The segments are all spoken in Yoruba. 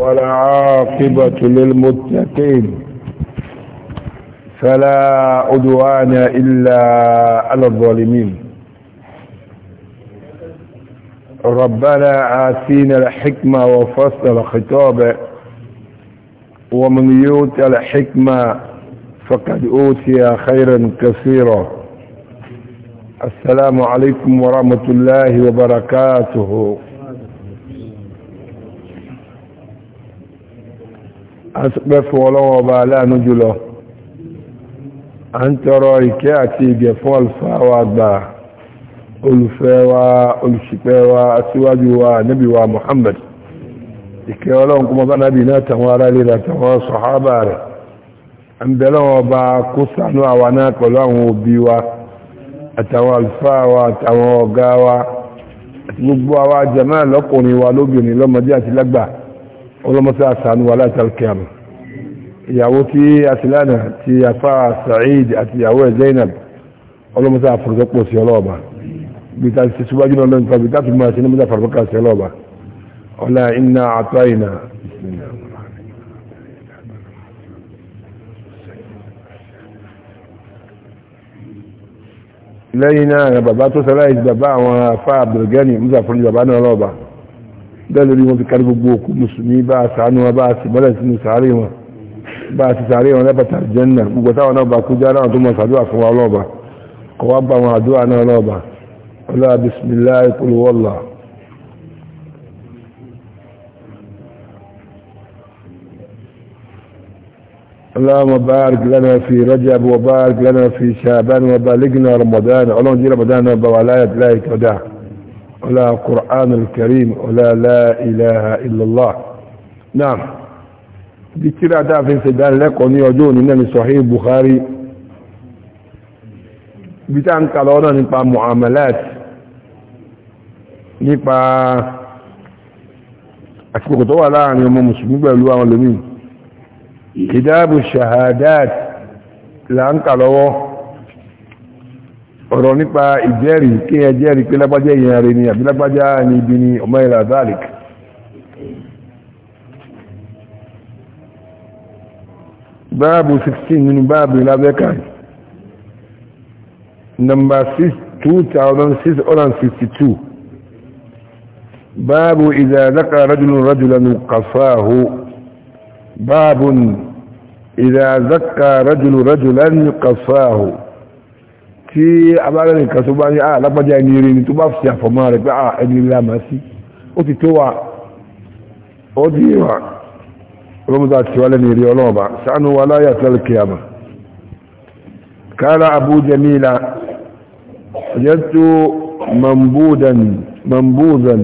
ولا عاقبة للمتقين فلا عدوان إلا على الظالمين ربنا آتينا الحكمة وفصل الخطاب ومن يؤت الحكمة فقد أوتي خيرا كثيرا السلام عليكم ورحمة الله وبركاته asopẹ́ fún ọlọ́wọ́ ọba aláàánú jùlọ a ń tọrọ ìkẹ́ àti ìgẹ̀ fún àlùfáà wa àgbà olùfẹ́ wa olùṣìpẹ̀ wa aṣíwájú wa nábì wa Muhammad ìkẹ́ ọlọ́run kúmọ́ bá nábì náà tàwọn ará ilé àtàwọn sọ̀hábà rẹ̀ ń bẹ̀rẹ̀ wọn bá kó sànú àwa náà pẹ̀lú àwọn òbí wa àtàwọn àlùfáà wa àtàwọn ọ̀gá wa àti gbogbo àwa jàmáà lọ́kùnrin wa lóbìnrin lọ́mọdé àti lágbàá ọlọ́mọsí àsánú wà láti alkiyama ìyàwó tí asilana ti afá sa'id àti ìyàwó ẹ̀ zainab ọlọ́mọsí àfọ̀rọ̀sọ́pọ̀ sí ọlọ́ọ̀bà bí ta ti síwájú náà lọ́nà tàbí tàbí máa ṣe ní mọ́ta fàrọ̀kà sí ọlọ́ọ̀bà ọlá iná àtọ́ ìnà lẹ́yìn náà bàbá tó sẹ́láì sí ọlọ́ọ̀bà bẹ́ẹ̀ lórí wọn fi kárí gbogbo òkú mùsùlùmí bá a sàánú wọn bá a sì bọ́lẹ̀ sínú sàárè wọn bá a ti sàárè wọn lẹ́bàtà jẹ́nà gbogbo táwọn náà bá kú jẹ́ aláwọ̀ tó mọ̀ sàdúrà fún wa lọ́ọ̀bà kọ́ wá bá wọn àdúrà náà lọ́ọ̀bà ọlọ́wà bismillah qul wallah اللهم بارك لنا في رجب وبارك لنا في شعبان وبلغنا رمضان اللهم جي رمضان وبولاية لا يتودع ولا قرآن الكريم ولا لا إله إلا الله نعم ذكر أداء في سيدان لك وني وجون إنني صحيح بخاري بتان قالونا نبقى معاملات نبقى أسبق طوى عن يوم مسلمين بألواء والمين كتاب الشهادات لأن قالوه ọ̀rọ̀ nípa ìjẹ́rìí kí ẹ jẹ́rìí pé lágbájá èèyàn rẹ̀ ni àbí lágbájá ní ibi ni ọmọ ìlà zalik báàbù 16 nínú báàbù lábẹ́kà nọmbà 2662 báàbù ìzàdákà rajulun rajulan kàfáàhù báàbù ìzàdákà rajulun rajulan kàfáàhù tí abára nìkan tó bá ní alágbájá ah, ẹni rí ni tó bá fi àfọ̀mọ́ rẹ̀ pé ah, ẹni rí àmà sí ó ti tó wa ó di ìwà ọlọ́mọdé àti wálé ní rí ọlọ́ọ̀bá sánú wa láyà tó kíyàmà kára Abu Jamila jẹ́tò mambudan mambudan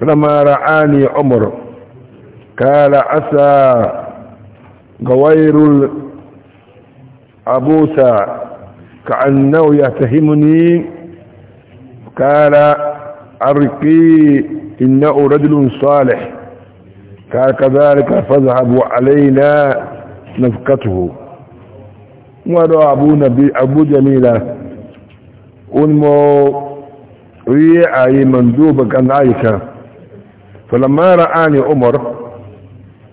فلما رعاني عمر قال عسى غوير العبوسة كأنه يتهمني قال أرقي إنه رجل صالح قال كذلك فاذهب علينا نفقته ورى أبو نبي أبو جميلة أنمو ريعي مندوبة كان عايشة فلما رآني عمر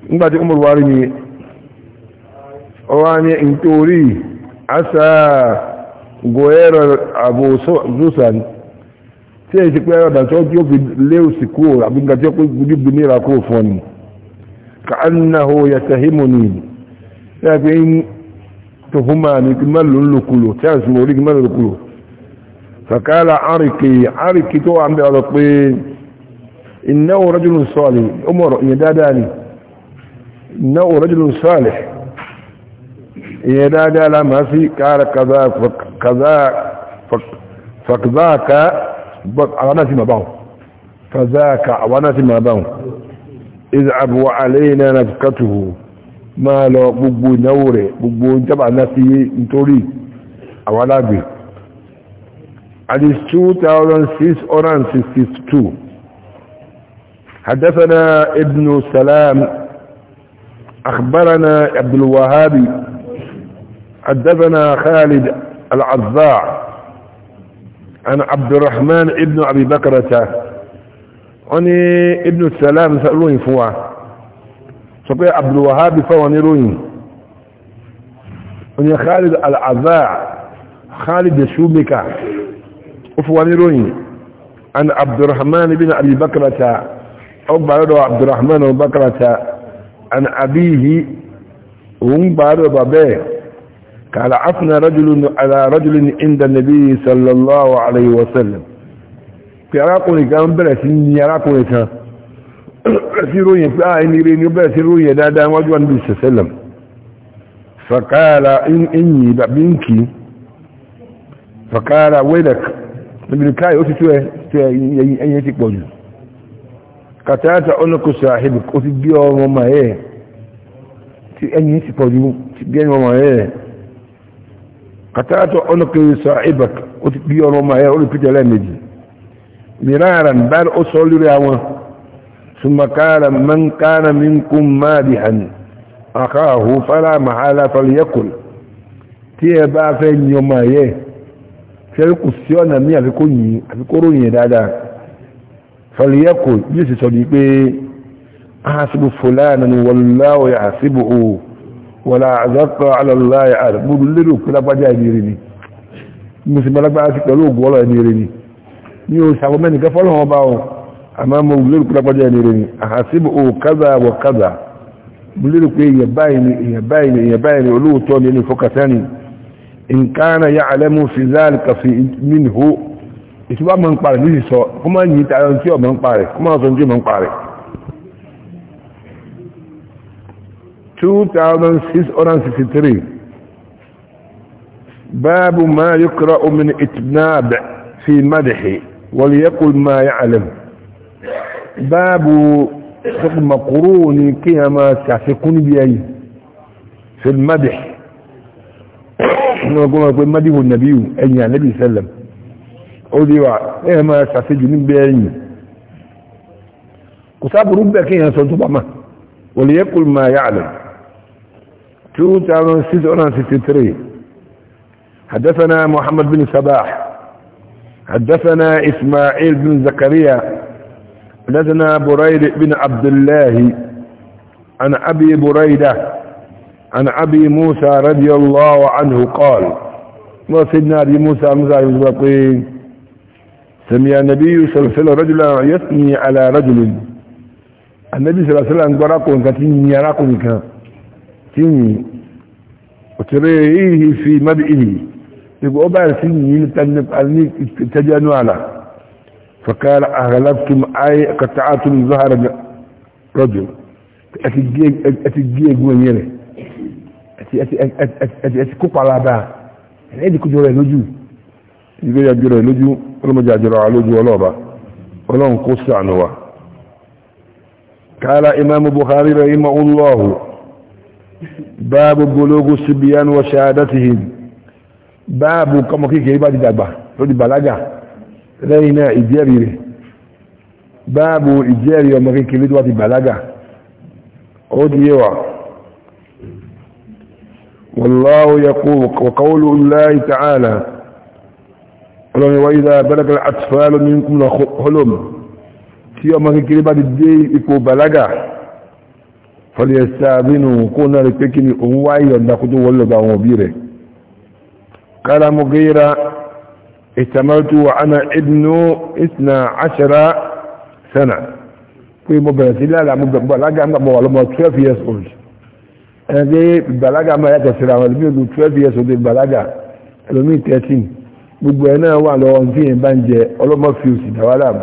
بعد عمر وارني واني انتوري عسى gòhẹ́rọ̀ abu zùsàn tí èyí ti pẹ́ ọ̀dà tí ó yóò fi léwu sí àbí tí ó ní ka annahu yatahimu ni ya fi ń tó fún máa ní kí má lò ń lò kulò tí a sì orí kí má lò kulò fàkàlà àríkì àríkì tó wà ń bẹ ọ̀rọ̀ pé ni ينادى لما في قال كذا فكذا فكذاك وانا في مباو فذاك وانا في مباو اذ ابو علينا نفقته ما لو بغبو نوري بغبو جبا نسي نتوري اولا بي على 2662 حدثنا ابن سلام اخبرنا عبد الوهابي حدثنا خالد العضاع عن عبد الرحمن ابن أبي بكرة عن ابن السلام سألوني فوا سقيا عبد الوهاب فواني روين وني خالد العضاع خالد شوبك وفواني روين عن عبد الرحمن بن أبي بكرة أو بعد عبد الرحمن بن بكرة عن أبيه وهم بعد بابيه قال عفنا رجل على رجل عند النبي صلى الله عليه وسلم في أراقوني كان بلسين يراقوني كان سيروني في آه إني ريني بلسيروني دادا وجوان بي صلى الله عليه وسلم فقال إن إني بنكي فقال ويلك ابن كاي أتتوه أن يتك بوجه قتلت عنك صاحبك أتبيه وما إيه أن يتك بوجه أتبيه وما إيه kàtàkàtà ọlọ́kẹ́ sọ ibak ó ti bí ọmọ ọmọ ẹ̀ olùpìtẹ̀ lẹ́ẹ̀mejì mìíràn bá ó sọ lórí àwọn sùmọ̀kára mọ́nkára mínkún máa bí hàn àkáhù fara màhálà fàlìyẹ́kùn tí ẹ bá fẹ́ yí ọmọ ẹ̀ fẹ́ kù sí ọ̀nà mí àfikún yìí àfikóró yìí dáadáa fàlìyẹ́kùn yìí sì sọ ní pé ahasibu fulani wàlúwà yà hasibu òun wọ́la àzọ́kọ̀ alọ́láyà àrẹ mú lérò pé lágbájá ìdíire ni mo sì balagbára sí pẹ̀lú ògùn ọlọ́ ìdíire ni ní o sàwọn mẹ́rin kẹfọ́ lọ́wọ́ bá wọn àmọ́ mo lérò pé lágbájá ìdíire ni àhàsíbò ò kádà wọ kádà mo lérò pé èèyàn báyìí ni èèyàn báyìí ni èèyàn báyìí ni olóòótọ́ ni ẹni fọkàtẹ́ni 2663 باب ما يقرأ من اتناب في مدحه وليقل ما يعلم باب حكم قرون كيما تعفقون بي. في المدح نقول لك مدح النبي أي النبي سلم أوليوا إيه ما تعفقون بأي كتاب ربك يا سلطبما وليقل ما يعلم 2663 حدثنا محمد بن سباح حدثنا إسماعيل بن زكريا حدثنا بريد بن عبد الله عن أبي بريدة عن أبي موسى رضي الله عنه قال ما سيدنا أبي موسى موسى الزبطين سمي النبي صلى الله عليه وسلم رجلا يثني على رجل النبي صلى الله عليه وسلم قرأكم كتين يراكم كتين سن وتريه في مدئه يبقى أبا سنين تنب أليك تجانو على فقال أغلبتم أي قطعات الظهر رجل أتجيج أتجيج من يره أتي أتي أتي أتي أتي كوب على بعض يعني دي كجورة نجو يبقى يجورة نجو ولما جاء جرى على قال إمام بخاري رحمه الله باب بلوغ الصبيان وشهادتهم باب كما كيكي بعد دابا لودي بلاغا لينا اجيري باب اجيري وما كيكي لودي بعد بلاغا اوديوا والله يقول وقول الله تعالى وإذا بلغ الأطفال منكم لحلم تي وما كيكي بعد دي يكو بلاغا fọlẹ̀ẹ́sàbínú kó náà rí pé kí ni òun wáyé ọ̀dá kó tó wọ́lọ̀ bá wọn bí rẹ̀ قال مغيرة استمرت وأنا ابن اثنى عشر سنة في مبلغ لا لا مبلغ ما والله ما 12 years old ما يتسرع والمين 12 years old البلاغة الومين 13 gbogbo ẹ̀nà wà lọ́wọ́ tí èyàn bá ń jẹ ọlọ́mọ fi òsì dáwà láàmù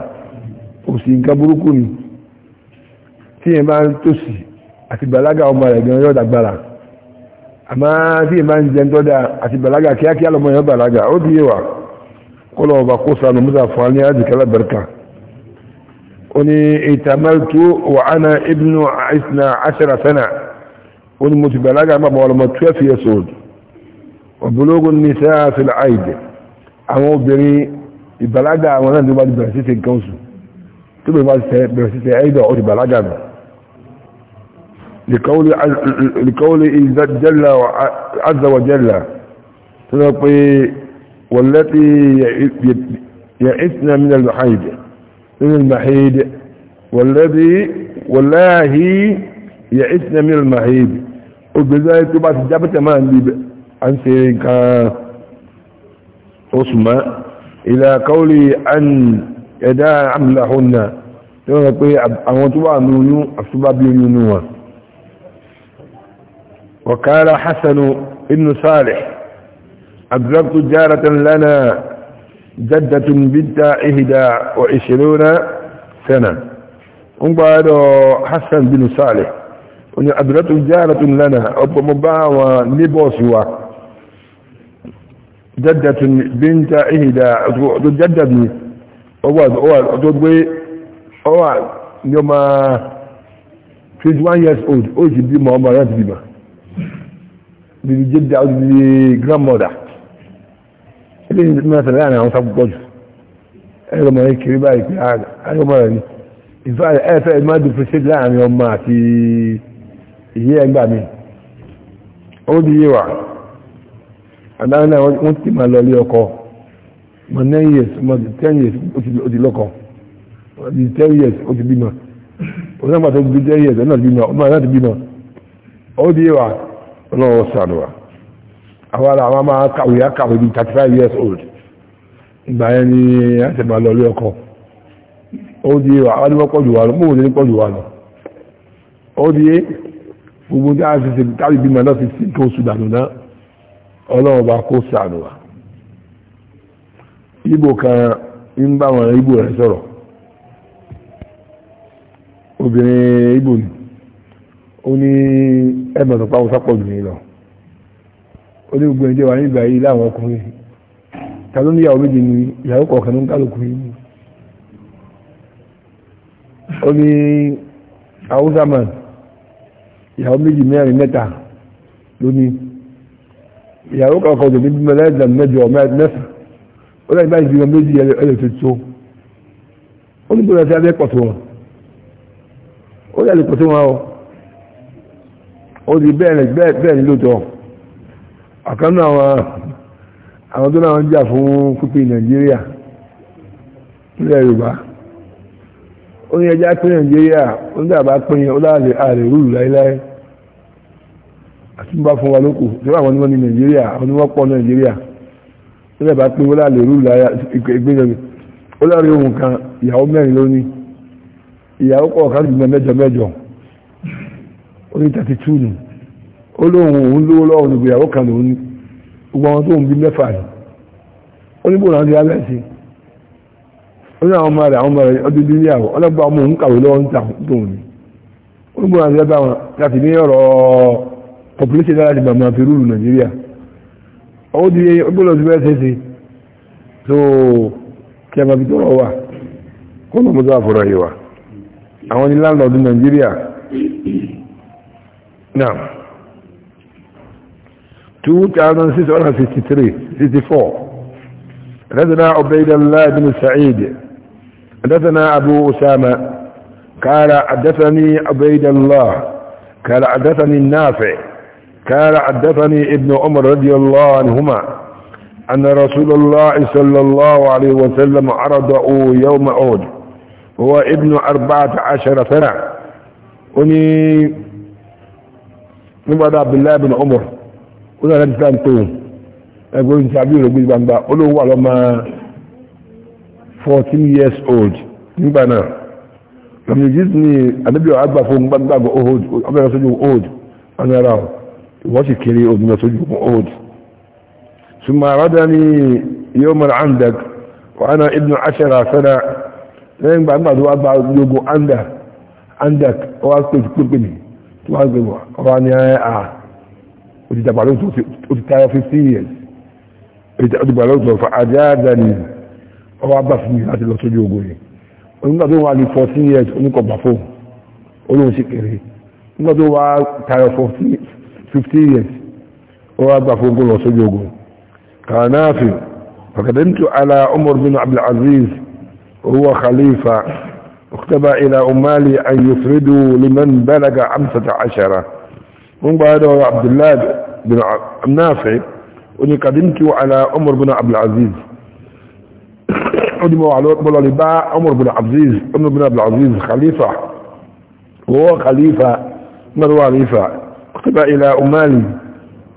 àti bàlágà ọmọ rẹ̀ gan yọ́dà gbára àmá tí ìmá ń jẹun tọ́dá àti bàlágà kíákíá lọmọ yọ́ bàlágà ó bí wà kọ́lọ̀ ọba kó sanu musa fún ní àjíkẹ́lá bẹ̀rẹ̀kà ó ní ìtàmẹ́tò wà ánà ibnu àìsàn àṣẹra sẹ́nà ó ní mo ti bàlágà máa bọ̀ 12 years old ọ̀bọ̀lógún ní sẹ́yà sí àwọn obìnrin ìbàlágà àwọn náà ti bá ti bẹ̀rẹ̀ sí لقول لقول جل عز وجل تلقي والتي يئسن من المحيد من المحيد والذي والله يئسن من المحيد وبذلك تبقى تجابة تمام عن سيرك عثمى إلى قولي أن يدا عملهن تلقي أن تبقى نونو أفتبع بيونوها وقال حسن ابن صالح أدركت جارة لنا جدة بنت إهدى وعشرون سنة انقعد حسن بن صالح أدركت جارة لنا أبمبا ونبوسوا جدة بنت إهدى جدة أول أول أواد يوم 21 years old ó sì bímọ ọmọ bíbí jẹ́dá ó di grandmother ilé ìdí mẹ́sàn láàrin àwọn sábúgbọ́ jù ẹgbẹ́ ọmọ yẹn kiri báyìí pé àgbọ̀mọ̀ rẹ̀ ni ìfà ẹ̀fẹ́ má dùn fún láàrin ọmọ àti ìyẹ́ ẹgbà mi ó di yé wa àdáwọn náà wọ́n ti máa lọ ilé ọkọ mọ nine years mọ ten years ó ti lọ́kọ di ten years ó ti bímọ òun náà bàtà ó ti di ten years ó náà ti bímọ ó náà ti bímọ ó di yé wa. ọlọ́wọ́ sànúwà àwọn ará máa kàwé akàwé bíi years old ìgbà yẹn ni a ti máa lọ ọkọ ó di àwọn lọ mú ní lọ ó di gbogbo tí a ti ṣe káwé bímọ náà ti sí tó sùdà náà ibo kan ń bá wọn ibo sọ̀rọ̀ ó ní ẹ̀bọ̀n tó pàwọ́ sápọ̀ jù mí lọ ó ní gbogbo ìjọba nígbà yìí láwọn ọkùnrin ta ló níyàwó méjì ni ìyàwó kọ̀ọ̀kan ló ń kálukú yìí ó ní haúsámán ìyàwó méjì mẹ́rin mẹ́ta lónìí ìyàwó kọ̀ọ̀kan òjò níbi mẹ́lẹ́dà mẹ́jọ mẹ́fà ó lẹ́yìn báyìí ìdíwọ̀n méjì ẹlẹ́ tó ó ní bóyá sí abẹ́ pọ̀ wọn ó yà lè pọ̀ wọn o. ó di bẹ́ẹ̀ bẹ́ẹ̀ nílòtọ́ àkánú àwọn àwọn tó náà ń jà fún pínpín nàìjíríà nílẹ̀ yorùbá ó ní ẹjá pín nàìjíríà ó ní àbá pín ó láàrẹ ààrẹ rúlù láíláí àtúbà fún wa lókù tí wọ́n àwọn onímọ̀ ní nàìjíríà àwọn onímọ̀ pọ̀ nàìjíríà ó ní àbá ó rúlù ó ohun kan ìyàwó mẹ́rin lónìí ìyàwó mẹ́jọ mẹ́jọ orí thirty two nù ó lóun òun lówó lọ́wọ́ ní kan lòun ní gbogbo àwọn tó ń bí mẹ́fà ní bòrán ti alẹ́ sí ó ní àwọn ọmọ rẹ̀ àwọn ọmọ rẹ̀ ọdún bí níyàwó ọlọ́gbà ọmọ òun kàwé lọ́wọ́ ń ní láti ní ọ̀rọ̀ population láti Nàìjíríà ó di bẹ́ẹ̀ ṣe a máa fi نعم 2663 حدثنا عبيد الله بن سعيد حدثنا أبو أسامة قال حدثني عبيد الله قال حدثني النافع قال حدثني ابن عمر رضي الله عنهما أن رسول الله صلى الله عليه وسلم عرضه يوم عود هو ابن أربعة عشر سنة أني nígbàdá abdullahi bin umar ó náà láti sáà ń tóun ẹgbẹ́ oúnjẹ àbí ìrògbé gbangba olóhùn wà lọ́mọ fourteen years old nígbà náà lọ́mọ yìí ní anábíyọ̀ àgbà fún gbàgbà old ọmọ ẹ̀rọ sójú old ọ̀nàrà wọ́n sì kéré omi lọ sójú old ثم أرادني يوم العندك وأنا ابن عشرة سنة لين بعد ما دو أبا يوجو عندك عندك وأسكت كل tó wá gbé wà ọba ní à ah, ó ti dàgbà lóòótọ́ ó ti tayọ fifteen years ó ti gbà lóòótọ́ fún adé àdáni ọba bá fún mi láti lọ sójú ogun yìí onígbà tó wà ní fourteen years oníkọ̀ gbà fóun olóhùn sì kéré nígbà tó wà tayọ fifteen years ó wá gbà fóun lọ sójú ogun kànáàfin فقدمت على عمر بن عبد العزيز وهو خليفه اختبى إلى أمالي أن يفردوا لمن بلغ عمسة عشرة من بعد عبد الله بن نافع أني قدمت على عمر بن عبد العزيز قدموا على أقبل لباع عمر بن عبد العزيز عمر بن عبد العزيز خليفة وهو خليفة مروى خليفة اختبى إلى أمالي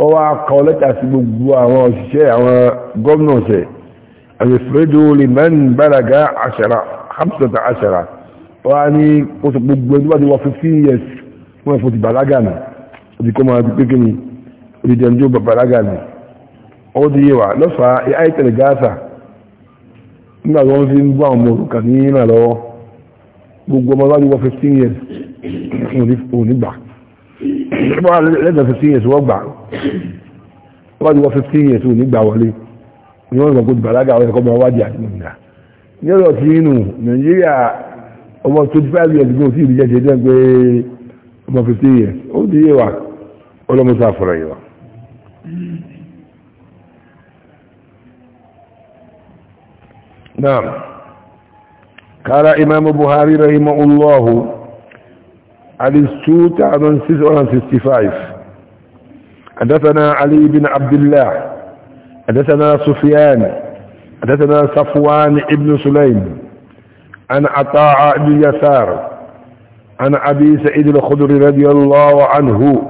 هو قولتها في بقوة وشيء وقمنوسي أن يفردوا لمن بلغ عشرة خمسة عشرة wọ́n ní oṣù gbogbo ẹni wọ́n ti wọ fifteen years wọ́n fò ti bàlágà nù òdì kó máa ti pé kí ni òdì jẹun jó bàlágà nù ó di yé wa lọ́fàá ai tẹ̀lé gáàsà nígbà tí wọ́n fi ń bọ́ àwọn ọmọ òrùka ní ìlà lọ́wọ́ gbogbo ọmọ wọ́n ti wọ fifteen years òní gbà wọ́n lẹ́tọ̀ fifteen years wọ́n gbà wọ́n ti wọ fifteen years òní gbà wọlé ni wọ́n gbà kó ti bàlágà wọ́n ti kọ́ máa wádìí àdìmọ̀ nìyà ọmọ twenty five years ago tí ìrìjẹ́ ṣe dẹ́n pé ọmọ fifty years ó di yé wa ọlọ́mọsọ àfọ̀rọ̀ yìí wa. نعم قال إمام بخاري رحمه الله علي السوت عن 65 حدثنا علي بن عبد الله حدثنا سفيان حدثنا صفوان ابن سليم عن عطاء بن يسار عن أبي سعيد الخضر رضي الله عنه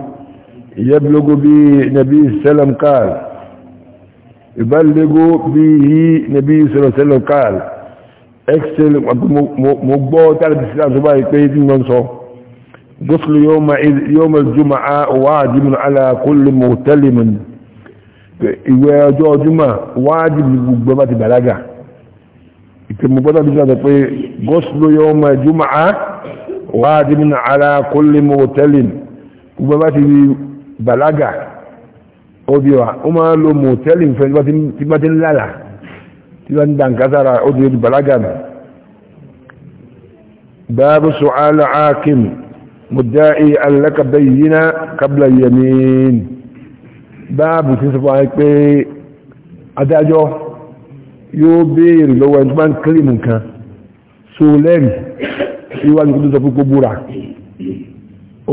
يبلغ به نبي وسلم قال يبلغ به نبي صلى الله عليه وسلم قال اكسل مقبوة تعرف الإسلام سباهي كيف ينصر غسل يوم يوم الجمعة واجب على كل مهتلم ìwẹ̀ ọjọ́ واجب wájìbì gbogbo ìtẹ̀mú bọ́dọ̀ bí sọ́dọ̀ pé gọ́sùlù yawma jumu'a wajibun ala kulli mu'talin gbogbo bá ti rí bàlágà òbí wa ó máa lo mu'talin fẹ́ tí bá ti ń lálà tí bá ń dà nǹkan sára ó ti rí bàlágà nù babu su'ala akim mudda'i allaka bayyina qabla yamin báàbù ti fún wa pé adájọ́ yóò béèrè lọ́wọ́ ẹni tó bá ń kílìmù nǹkan so lẹ́rì síwájú kó tó sọ pé kó búra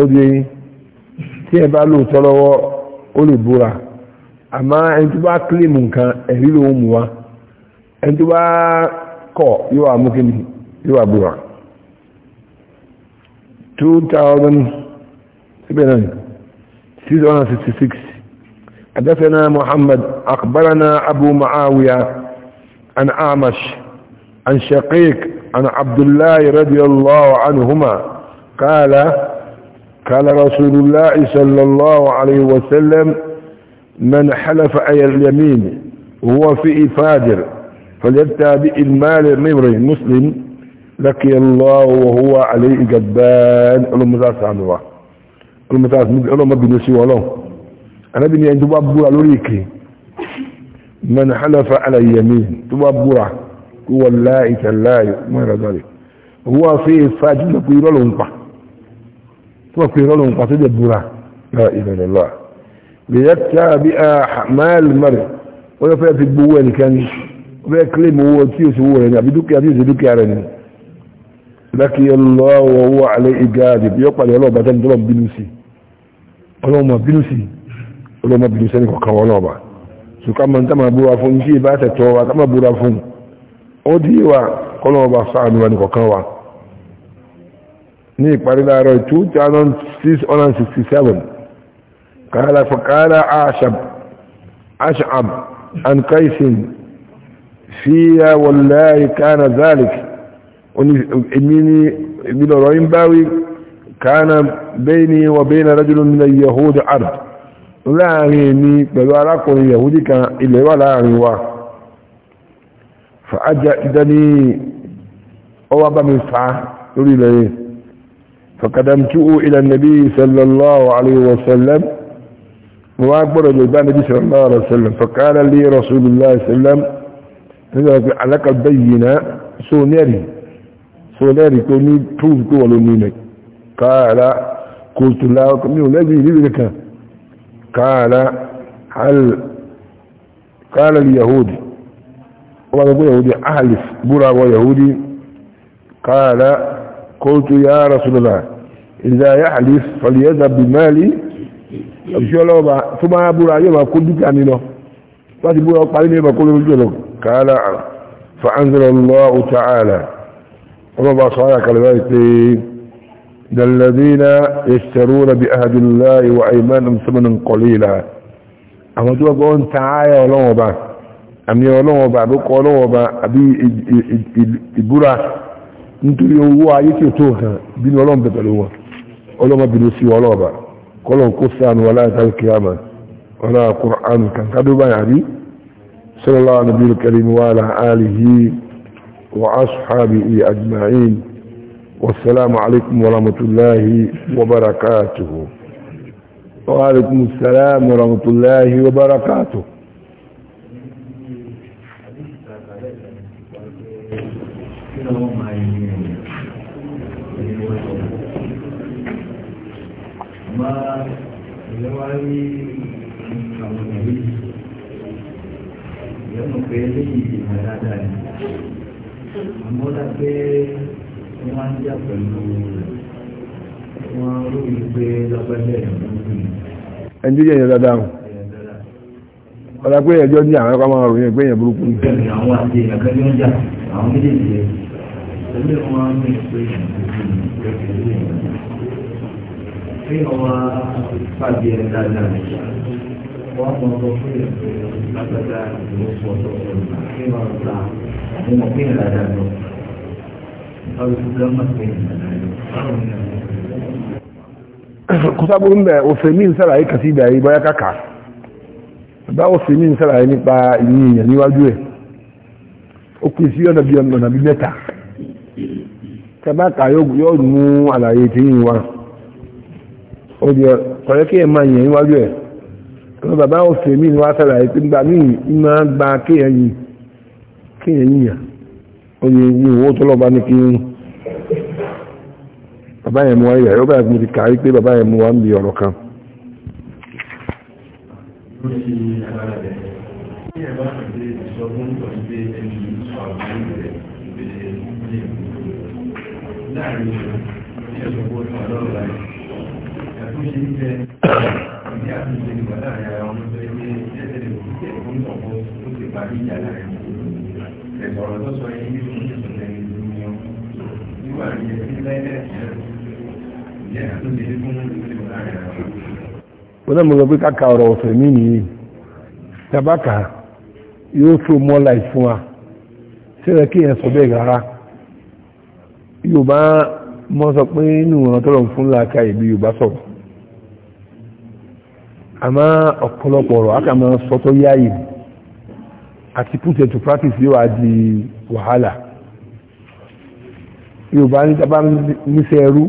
ó di tí ẹ bá lóòótọ́ lọ́wọ́ ó lè búra àmọ́ ẹni tó bá kílìmù nǹkan ẹ̀rí ló ń mú wa ẹni tó bá kọ̀ yóò wà mú kí ni yóò wà búra two thousand síbẹ̀ náà six hundred sixty six حدثنا محمد أخبرنا أبو معاوية عن عامش عن شقيق عن عبد الله رضي الله عنهما قال قال رسول الله صلى الله عليه وسلم من حلف أي اليمين وهو في إفادر فليتبع المال ممر مسلم لقي الله وهو عليه جبان قالوا مزاس عنه قالوا مزاس قالوا ما بنسي ولو أنا بني أنتوا أبو على ليكي من حلف على اليمين تبابرة هو الله كالله غير ذلك هو في فاجل قيل لهم وقيل لهم قصيدة برة لا إله إلا الله ليتابع أعمال المرء ولا في البوان كان ولا كلمة هو تيوس هو هنا بدك يا تيوس بدك لكي الله وهو عليه قادر يقبل يا الله بدل ضرب بنوسي اللهم بنوسي اللهم بنوسي وكوالله بعد ṣùkà mọ̀ tá ma búra fún tí ìbá tẹ̀tọ́ wa tá ma búra fún ó dí wa kọ́lọ̀ ọba sáànù wa nìkọ̀kan wa ní ìparí láàárọ̀ 2667 kààlà fàkààlà ashab ashab an kaisin fiya wallahi kana zalik ibi lọ́rọ̀ yín báwí kana bayni wa bayna rajulun min al-yahud ard láàrin èmi pẹ̀lú arákùnrin yahudi kan ilẹ̀ wà láàrin wa fàájá ìdání ọwá bá mi fa lórí ilẹ̀ yìí ó ilẹ̀ nabi sallallahu wa wasallam mo wá gbọ́dọ̀ lè bá nabi sallallahu wa wasallam fàkàdà lè rasulullah sallam nígbà pé alákàbẹ̀yìnà sónẹ́rì sónẹ́rì tó ní túùtù wà lónìí kààrà kò tùlá mi ò lẹ́bí ìlú kankan قال هل قال اليهودي والله يقول يهودي أهلف برا ويهودي قال قلت يا رسول الله إذا يحلف فليذهب بمالي أبشر له ثم برا يوم أقول لك عني له فاتي برا وقالين يوم أقول لك قال فأنزل الله تعالى الله بصارك لذلك الذين يشترون بأهد الله وأيمانهم ثمنا قليلا أما جوا تعايا ولوما با أمي ولوما با بك با أبي إبورا انتو يووا عيكي توها بين ولوما بتلوها ولوما بنسي ولوما قولون قصان ولا تل كياما ولا قرآن كان قدوا با يعني صلى الله عليه وسلم وعلى آله وأصحابه أجمعين إيه والسلام عليكم ورحمة الله وبركاته وعليكم السلام ورحمة الله وبركاته Ìyẹ́nu pé lẹ́yìn ìgbìmọ̀ dáadáa ni, àmọ́ dápé máa ń jà pẹ̀lú wọn lórí pé lọ́pẹ́lẹ́ ẹni tó jẹ́ ìyẹn dáadáa o ọ̀la pé ẹjọ́ ní àwọn ẹ̀kọ́ máa ròyìn pé èèyàn burúkú ni. àwọn àti èèyàn kan ló ń jà àwọn méjèèjì rẹ̀ ẹgbẹ́ wọn á ní pé pé ọwọ́ pàdé ẹ̀ dáadáa wọ́n mọ̀ ọ́ fún ẹ̀ pé ìlú pọ̀ tó ọ̀la pé wọ́n ta àwọn ọmọ pé ẹ̀ dáadáa lọ. kọsáburú mbẹ òfèmí nsàlàyé kàtí ìdàrí bọ́yá kàkà bá òfèmí nsàlàyé nípa ìyìn èèyàn níwájú ẹ̀ ó e sí ọ̀nà bíi ọ̀nà bíi mẹ́ta tẹ́bàkà yóò mú àlàyé tí yìí wá ó di ọ̀rẹ́ kí ẹ̀ máa yìn níwájú ẹ̀ gba kéèyàn oye ní owó tó lọ́ba ní kí bàbá yẹn mú wa yẹ̀ ọ́ báyìí mo ti kàá pé bàbá yẹn mú wa ń bi ọ̀rọ̀ kan. láàrin ìṣòro ní ẹ̀sùn kó sọ̀rọ̀ láì ẹ̀kú ṣe ń jẹ́ ìdí àtúnṣe ìgbà láàrin wọ́n náà mo lọ pé káka ọ̀rọ̀ ọ̀fẹ́ mi nìyí tabaka yóò tó mọ́ láì fún wa sílẹ̀ kí yẹn sọ bẹ́ẹ̀ rárá yorùbá mọ́ sọ pé inú ọ̀nà tọ́lọ̀ ń fún láàka ìbí yorùbá sọ̀rọ̀ àmọ́ ọ̀pọ̀lọpọ̀ ọ̀rọ̀ akàmọ́ sọ tó yáyì àti put it to practice yóò wá di wàhálà yorùbá ní tábà ń níṣẹ́ ẹrú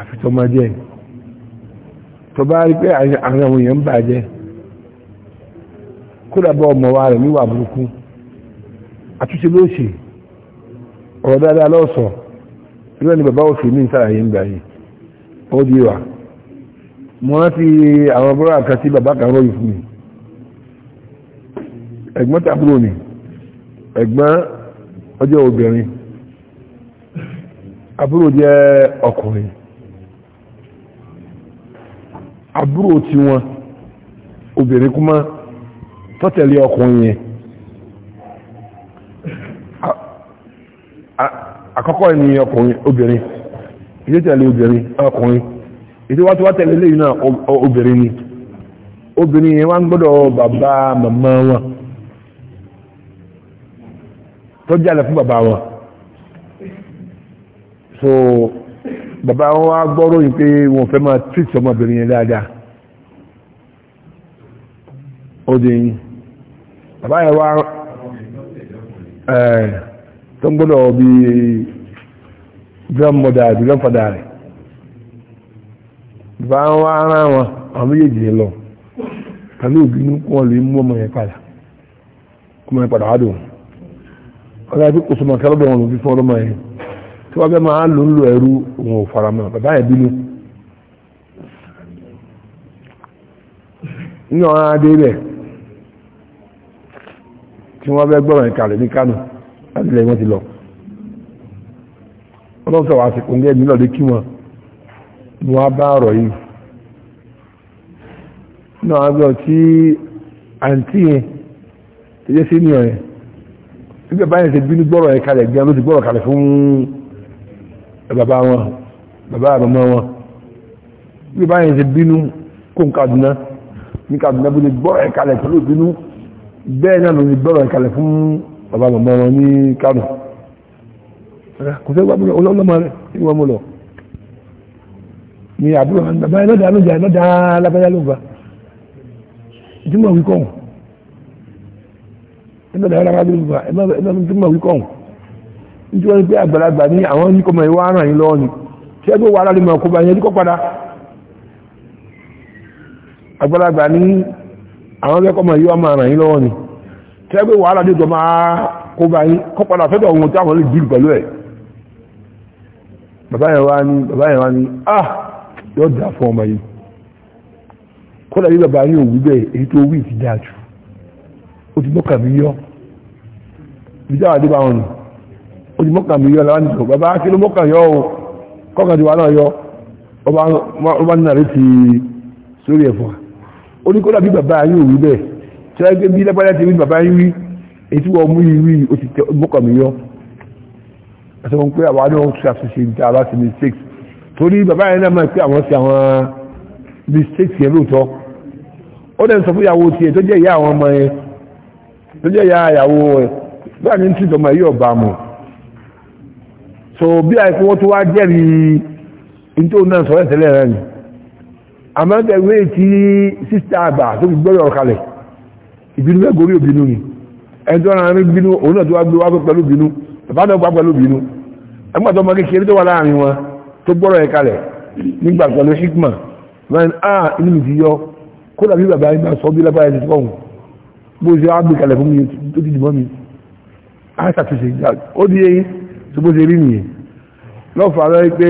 àfitọ́mọdé ẹ̀ tó bá rí pé àwọn èèyàn bàjẹ́ kódàbọ̀ ọmọ wa rẹ̀ níwà burúkú àtúnṣe ló ṣe ọ̀rọ̀ dáadáa lọ́sọ̀ ìrọ̀ ni bàbá òfin ní ìsàlàyé ń gbàyè ó di wà mo rántí àwọn bọ́rọ̀ àkà tí bàbá kan rọ́yìn fún mi ẹ̀gbọ́n tàbúrò ni ẹ̀gbọ́n ọjọ́ obìnrin àbúrò jẹ́ ọkùnrin àbúrò tiwọn obìnrin kú mọ́ tọ́tẹ̀lé ọkùnrin yẹn àkọ́kọ́ ẹni ọkùnrin obìnrin ilé tẹ̀lé obìnrin ọkùnrin ètò wá tí wá tẹ̀lé lẹ́yìn náà obìnrin ni obìnrin yẹn wá ń gbọ́dọ̀ bàbá màmá wọn tọ́jú àlẹ́ fún bàbá so bàbá wọn wá gbọ́rọ̀ yìí pé wọ́n fẹ́ máa treat ọmọbìnrin yẹn dáadáa ó bàbá yẹn wá tó ń gbọ́dọ̀ bí grandmother àti grandfather rẹ̀ bàbá wọn wá ara wọn àwọn méjèèjì yẹn lọ pẹ̀lú òbí ní kí wọ́n lè mú ọmọ yẹn padà kó mọ̀ yẹn padà wá dùn ọ̀gá ẹbí kò wọn lò ọlọ́mọ yẹn. tí wọ́n fẹ́ máa lò ń lo ẹrú òun ò fara mọ́ bàbá yẹn bínú. ní ọ̀rọ̀ adé rẹ̀ tí wọ́n fẹ́ gbọ́ràn ìkàlẹ̀ ní Kánò láti ilẹ̀ wọn ti lọ. wọ́n lọ sọ̀rọ̀ àsìkò ní ẹ̀mí náà kí wọn ni wọ́n bá ọ̀rọ̀ yìí. ní ọ̀rọ̀ adé tí àǹtí yẹn ti yé sí ní ọ̀rẹ́ nígbà báyìí ṣe bínú gbọ́rọ̀ ẹ̀kalẹ̀ gan ló ti gbọ́rọ̀ kalẹ̀ fún un bàbá wọn bàbá àbàmọ́ wọn bí báyìí ṣe bínú kó ń Kaduna ní Kaduna bí lè gbọ́rọ̀ ẹ̀kalẹ̀ pẹ̀lú ìbínú bẹ́ẹ̀ náà ló lè gbọ́rọ̀ ẹ̀kalẹ̀ fún bàbá àbàmọ́ wọn ní Kano kò sẹ́ wà múlò ọlọ́mọ rẹ̀ ní wọ́n múlò ní àbúrò bàbá ẹ̀ lọ́dà lójà lọ́dà alábẹ́yà ló bá ìtumọ̀ wíkọ̀ọ̀ ẹ̀ lọ́dà alábẹ́yà ló bá ẹ̀ lọ́dà ìtumọ̀ wíkọ̀ọ̀ nítorí pé àgbàlagbà ní àwọn ní kọmọ ìwá ràn yín lọ́wọ́ ni tí ẹgbẹ́ wà láti mọ̀ kọba yẹn díkọ́ padà àgbàlagbà ní àwọn ẹgbẹ́ kọmọ ìwá máa ràn yín lọ́wọ́ ni tí ẹgbẹ́ wà láti jọ máa kọba yín kọ́ padà sọ́dọ̀ ohun tí àwọn lè pẹ̀lú ẹ̀ bàbá yẹn wá ní bàbá yẹn wá ní ah yóò dà fún ọmọ yìí kọ́lá yìí bàbá yìí ò wí bẹ́ẹ̀ èyí tó yọ ó ti mọ́kàn mi yọ láwọn ní sọ bàbá kí ló mọ́kàn yọ o kọ́kàn ti wà náà yọ ó bá nàrí ti sórí ẹ̀fọ́ ó ní kódà bí bàbá yín ò wí bẹ́ẹ̀ tí wọ́n gbé bí lẹ́gbẹ́lẹ́ ti wí bàbá yín wí ètí wọ́n mú yín wí ó ti mọ́kàn mi yọ àti wọn pé àwa náà ṣe àṣìṣe ìta àbá sí mistakes torí bàbá yẹn náà máa pé àwọn sí àwọn mistakes yẹn lóòótọ́ ó dẹ̀ sọ fún ìyàwó tiẹ̀ tó jẹ́ ìyá àwọn ọmọ yẹn tó jẹ́ ìyá ìyàwó ẹ̀ báyìí so bí àìkú wọ́n tó wá jẹ́rìí nítorí náà sọ̀rọ̀ ìtẹ́lẹ̀ rẹ̀ ni àmọ́tẹ̀ wé tí sísítà àgbà tó fi gbọ́rọ̀ kalẹ̀ ìbínú fẹ́ gorí òbínú ni ẹni tó rán bínú òun náà tó wá gbé wá pẹ̀lú bínú bàbá náà gbá pẹ̀lú bínú ẹgbà tó máa kékeré tó wà láàrin wọn tó gbọ́rọ̀ ẹ̀ kalẹ̀ nígbà pẹ̀lú hikma wọn á ah, inú mi ti yọ kó dàbí bàbá yìí máa sọ bí lábáyé ti fọ́hùn bó ṣe á gbé kalẹ̀ fún mi tó ti dìbọn mi á ṣàtúnṣe ó di eyín tí bó ṣe rí nìyẹn lọ́fà lọ́wọ́ pé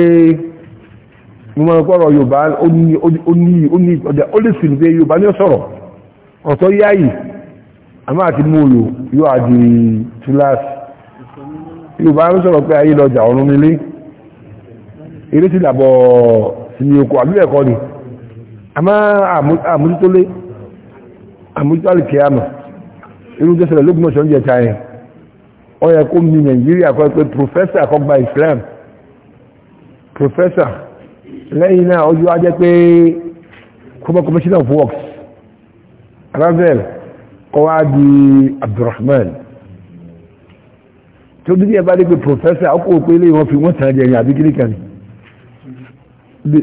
mo máa kọ́rọ̀ yorùbá ó ní ọjà ó lè sì ní pé yorùbá ní ọ̀sọ̀rọ̀ ọ̀tọ̀ yáyì àmọ́ àti múlò yóò àdì túláàsì yorùbá ń sọ̀rọ̀ pé ayé lọ́jà ọ̀run nílé eré sí làbọ̀ sinmi oko àbí ẹ̀kọ́ ni àmọ́ àmójútólé àmójútó àlìkẹ́ àmọ̀ irú jẹ́sẹ̀rẹ̀ lógún ọ̀ṣọ́ ń jẹ́ ta yẹn ó yẹ kó mi nàìjíríà kọ́ pé professor kọ́ gba islam professor lẹ́yìn náà ojú ajẹ́ pé kọ́mọ commissioner of works ravel kọ́ wá di abdulrahman tó dídí ẹ bá dé pé professor ọkọ̀ òpé ilé wọn fi wọ́n tàn jẹ̀yìn àbí kíní kan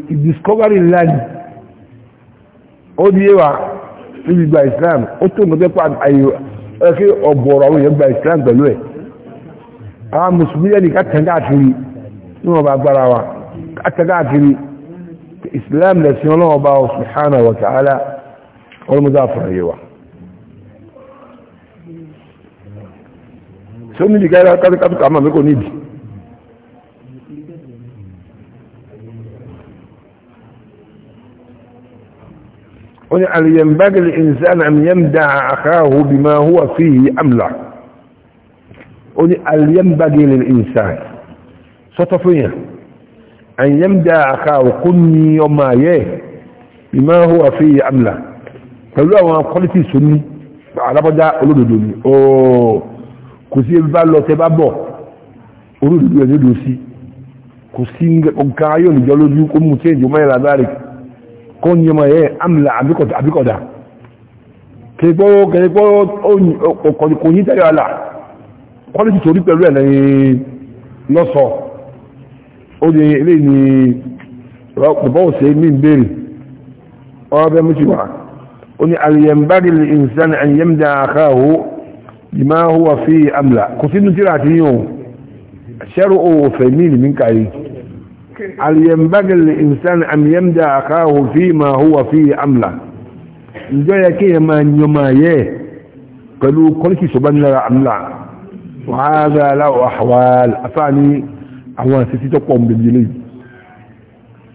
discovery land ó di yéwà níbi gba islam ó tó nǹkan tó pa àyè ọ̀bọ̀rọ̀ àwọn èèyàn gba islam pẹ̀lú ẹ̀ àwọn mùsùlùmí ẹni kàtàkàtìrí ní wọn bá gbára wa kàtàkàtìrí islam lẹ́sìn ọlọ́wọ́ bá subhanahu wa ta'ala ọlọ́mọdé àfààyèwà tí ó níbi gáyà kátàkátàkà máa mẹ́kọ̀ọ́ níbi ó ní àlìyàn bá gẹ̀lẹ̀ ìsàn àmì yẹn dáa àkáhù bí máa hùwà fíhì amla ó ní aliyambagi lè ìsàn sọ́tọ́ fún yà àyẹ́mdà àkà òkú ní ọmọ ayẹ́ ìmá hùwà fi àmìlà pẹ̀lú àwọn quality sunni alábọ́dá olódodo ni ooo kò sí ebi bá lọ tẹ bá bọ̀ olódodo ẹ̀ lódò sí kò sí nǹkan ayé ònìjọ́ lójú kó mú change ọmọ ẹ̀rọ abárí kó ní ọmọ ayẹ́ àmìlà àbíkọ̀dà kò ní tayọ àlà quality torí pẹ̀lú ẹ̀ lẹ́yìn lọ́sọ̀ ó di ilé ní bàbá òsè mí ń bèèrè ọ̀rọ̀ bẹ́ẹ̀ mú sí wà ó ní àríyànbárí ìsàn àyẹ̀mdà àkáhù ìmá huwa fi amla kò sínú tíra àti yíò ṣẹ́rù òfè mí ní kàyí àríyànbárí ìsàn àyẹ̀mdà àkáhù fi ma fi amla ìjọ yẹ kí ẹ máa yọ máa yẹ pẹ̀lú kọ́líkì sọ́bánilára amla وهذا له احوال افاني اوان سيتي تقوم بالجلي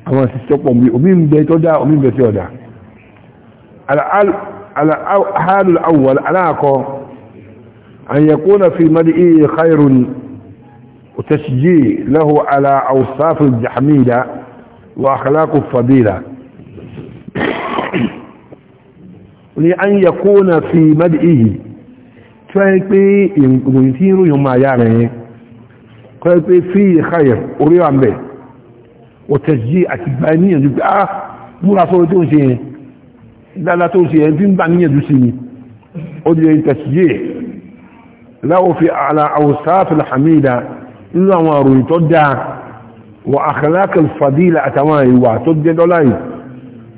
اوان سيتي تقوم بي امين بيت ودا امين بيت ودا على على على حال الاول على ان يكون في مدئه خير وتشجيع له على اوصاف الجحميدة واخلاق الفضيلة لان يكون في مدئه tí wọ́n yẹ pé ìròyìn tí ń ròyìn ọmọ àyà rẹ̀ yẹn kọ́ yẹ pé fi ìkáyẹ̀ orí wa mẹ́ ọ̀tẹ̀jì àti gba níyànjú pé ah múra sọ́rọ̀ tó ń ṣe yẹn dáadáa tó ń ṣe yẹn tí ń gbà níyànjú sí ni ó di ẹni tẹ̀síyè láwọ́ fi àlà àwòsáfìlà hamida nínú àwọn àròyìn tó dáa wọ àkàlákàl fadila àtàwọn ìwà tó jẹ́ dọ́là yìí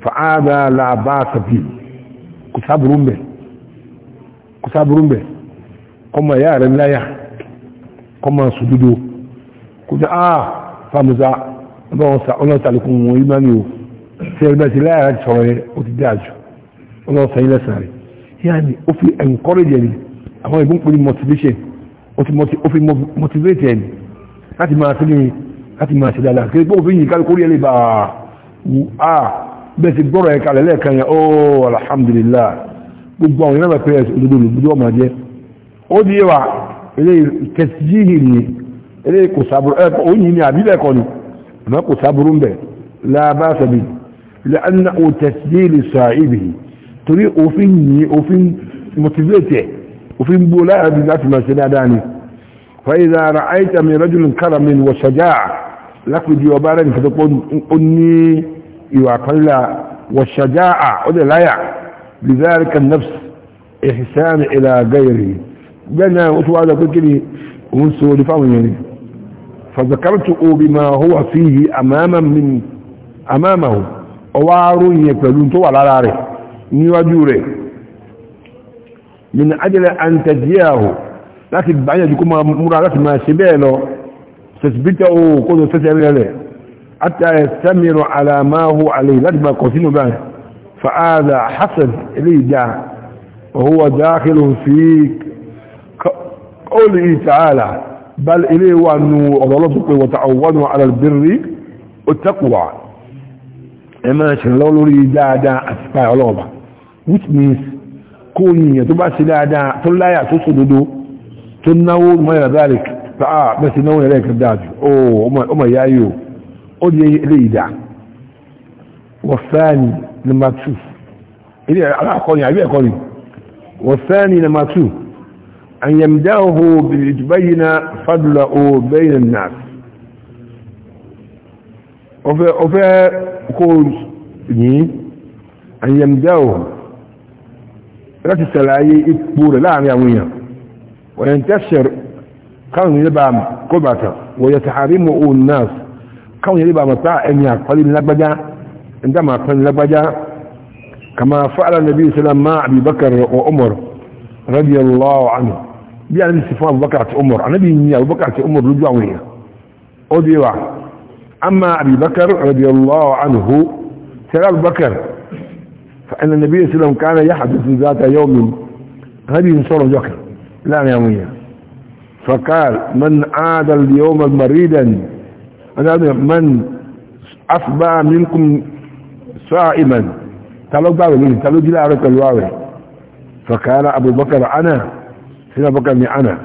fa'ada la ba ka fi kọmọ ẹ̀yà rẹ̀ láyà kọmọ sùdúdó kò jẹ́ àà fàmùsà ọlọ́sàlùkùn wọn yìí máa ní o ṣe ẹ̀rọ náà ti láyà láti sọ̀rọ̀ yẹn ó ti dé àjò ọlọ́sàn yìí lẹ́sàn rẹ̀ yáà ni ó fi encourage ẹni àwọn ìbùn pè ní motivation ó fi motivate ẹni láti máa sí ní láti máa ṣe dáadáa kí pé òfin yìí kálukú rí ẹ lè bá a ah, bẹ́ẹ̀ ti gbọ́rọ̀ ẹ̀ka lẹ́lẹ́kan yẹn ó oh, alhamdulillah gbogbo àwọn ìrìnàmọ̀ pé òdodo olùgbòdó ọmọ jẹ́ ó di wa ilé tẹ̀síjì ni ilé kò sábúrú ẹ̀ ó yìí ni àbí bẹ́ẹ̀ kọ́ ni àmọ́ kò sábúrú ń bẹ̀ láàbá sẹ́bi lẹ́nà ó tẹ̀síjì lè sọ ibì torí òfin yìí òfin motivate ẹ̀ òfin gbó láàrin láti máa ṣe dáadáa ni فإذا رأيت من رجل كرم وشجاع لكن دي وبارك فتقول أني يعقل والشجاعة أولي لايع لذلك النفس إحسان إلى غيره بنا وتو هذا كذي ونسو لفهم يعني فذكرت بما هو فيه أماما من أمامه أوارو يكلون تو على راري نيواجوري من أجل أن تجياه لكن بعيدا جكما مرادات ما سبيلو تثبته وكذا تثبت حتى يستمر على ما هو عليه لجمع قوتين وبعد فآذا حصل إليه جاء وهو داخل فيك قوله تعالى بل إليه وأنه أضلتك وتعودوا على البر والتقوى إما شلول لي دادا أسفاء لوبا which means كوني يتبع سلادا تلايا تصددو تنو ما ذلك فآه بس نو إليك الداد أوه أما, أما يا أيو أولي إليه دا والثاني لما تشوف إليه على أخوني عبي أخوني والثاني لما تشوف أن يمدأه بين فضله بين الناس وفي قول أن يمدأه رأس السلاعي إكبور لا عميانويا وينتشر قوم يبع قبعة ويتحرم الناس قوم يبع مطاع أمياء قليل لبجا عندما قليل لبجا كما فعل النبي صلى الله عليه وسلم مع أبي بكر وعمر رضي الله عنه بي انا نسفوا ابو بكر عمر انا بي ابو بكر عمر رجع ويا واحد اما ابي بكر رضي الله عنه سر بكر فان النبي صلى الله عليه وسلم كان يحدث ذات يوم هذه صوره ذكر لا يومية فقال من عاد اليوم مريدا من اصبى منكم صائما تلو بقى تلو الواوي فقال ابو بكر انا سيدنا بقى أنا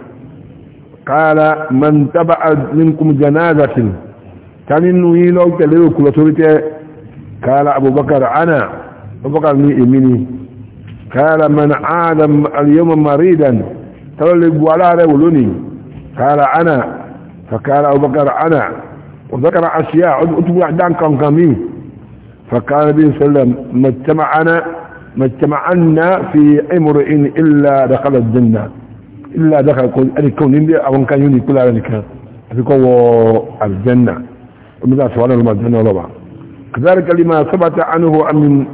قال من تبع منكم جنازة كان إنه يلو تلو كل قال أبو بكر أنا أبو بكر مي إمني قال من عاد اليوم مريدا تلو ولا رولوني قال أنا فقال أبو بكر أنا وذكر أشياء أتبع دان كان كمي فقال النبي صلى الله عليه وسلم ما اجتمعنا ما اجتمعنا في امرئ إلا دخل الجنة ilé adáka ẹnìkan ní àwọn kan yóò ní ìpínlẹ̀ rẹ̀ nìkan àti kọ́ wọ aljanna omi náà sọ̀rọ̀ lọ́wọ́ aljanna ọlọ́ba kazalika lima sabata anhu amin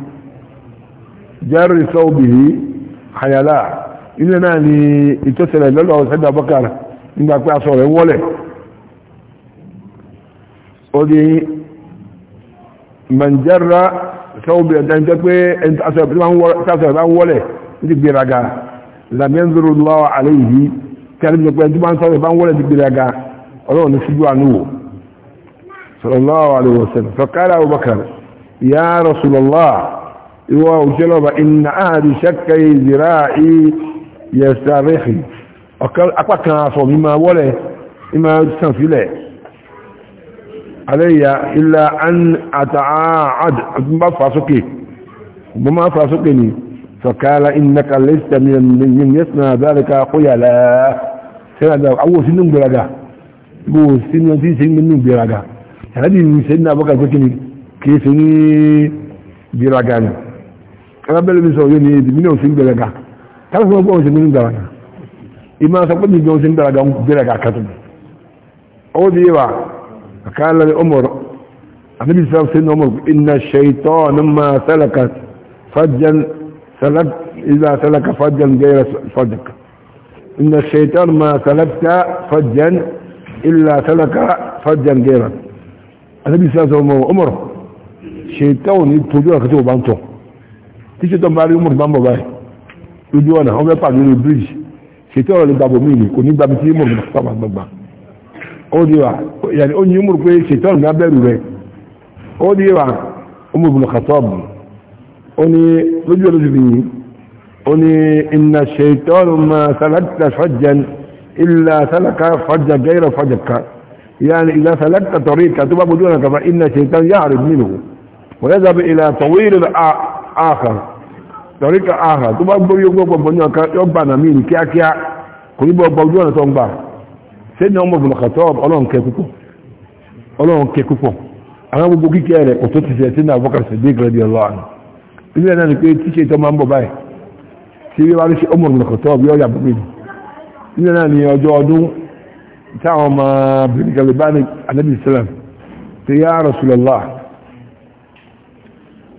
jari sawbihi hayala ilé náà ni ìtọ́sẹ̀lẹ̀ lọ́lọ́ sẹ́dá abakar nígbà pé aṣọ rẹ̀ wọlẹ̀ ó di manjara sawbi ẹ̀dá ń jẹ́ pé aṣọ rẹ̀ bá ń wọlẹ̀ ó ti gbéraga lam yanzuru Allahu alayhi kẹrin jẹ́ pé ẹjú bá ń sọ́rọ̀ bá ń wọ́lẹ̀ dìgbìrì aga ọlọ́run ní síjú ànúwò sallallahu alayhi wa sallam faqala Abubakar ya Rasulullah iwọ òṣèlọ́ba inna ahadi shakka zira'i yastarihi apá kan afọ mi máa wọ́lẹ̀ mi máa sàn sílẹ̀ alayya ni فقال إنك لست من يسمع ذلك خيلا سيدا أو سنن بلغا يقول سنن تي سنن من بلغا هذه سيدنا أبو بكر كتني كيف ني بلغا أنا بل من سوي ني من أو سنن بلغا كان سوى أبو سنن بلغا إما سقط من سنن بلغا بلغا كتن أو ديوا فقال لعمر النبي صلى الله عليه وسلم إن الشيطان ما سلكت فجا سلبت إذا سلك فجا غير فجك إن الشيطان ما سلكت فجا إلا سلك فجا غيرك النبي صلى الله عليه وسلم عمر ṣètọ́wò ní tojú ọ̀kẹ́ tí ó bá ń tọ̀ tí ṣètọ́ bá rí mọ̀tí bá ń bọ̀ báyìí lójú ọ̀nà ọmọ ẹ̀pà nínú bíríjì ṣètọ́wò ní gbàgbọ́ mí ni kò ní gbàgbé tí mọ̀tí bá sábà gbàgbà ó ní wa yàrá ó ní mú pé ṣètọ́wò ní abẹ́rù rẹ̀ ó ní wa ó mú ìbùnà kàtọ́ọ̀bù أني رجل ذبي أني إن الشيطان ما سلكت فجا إلا سلك فجا غير فجك يعني إذا سلكت طريقا تبقى دونك فإن الشيطان يعرض منه ويذهب إلى طويل آخر طريق آخر تبقى بقول يقول بنيوك يبقى نمين كيا كيا كل يبقى بقول تنبع سيدنا عمر بن الخطاب ألون كيكوكو ألون كيكوكو أنا بقول كيكو أنا بقول كيكو أنا بقول كيكو أنا بقول كيكو ilé náà ni pé tíṣe tó máa ń bọ̀ báyìí tí wíwá rí sí ọmọ ìrìnàkọ̀tọ́ bí ọ̀yà bùbí ni ilé náà ni ọjọ́ ọdún táwọn ọmọ bìnrin kan lè bá ní anabi sallam tí yá Rasulullah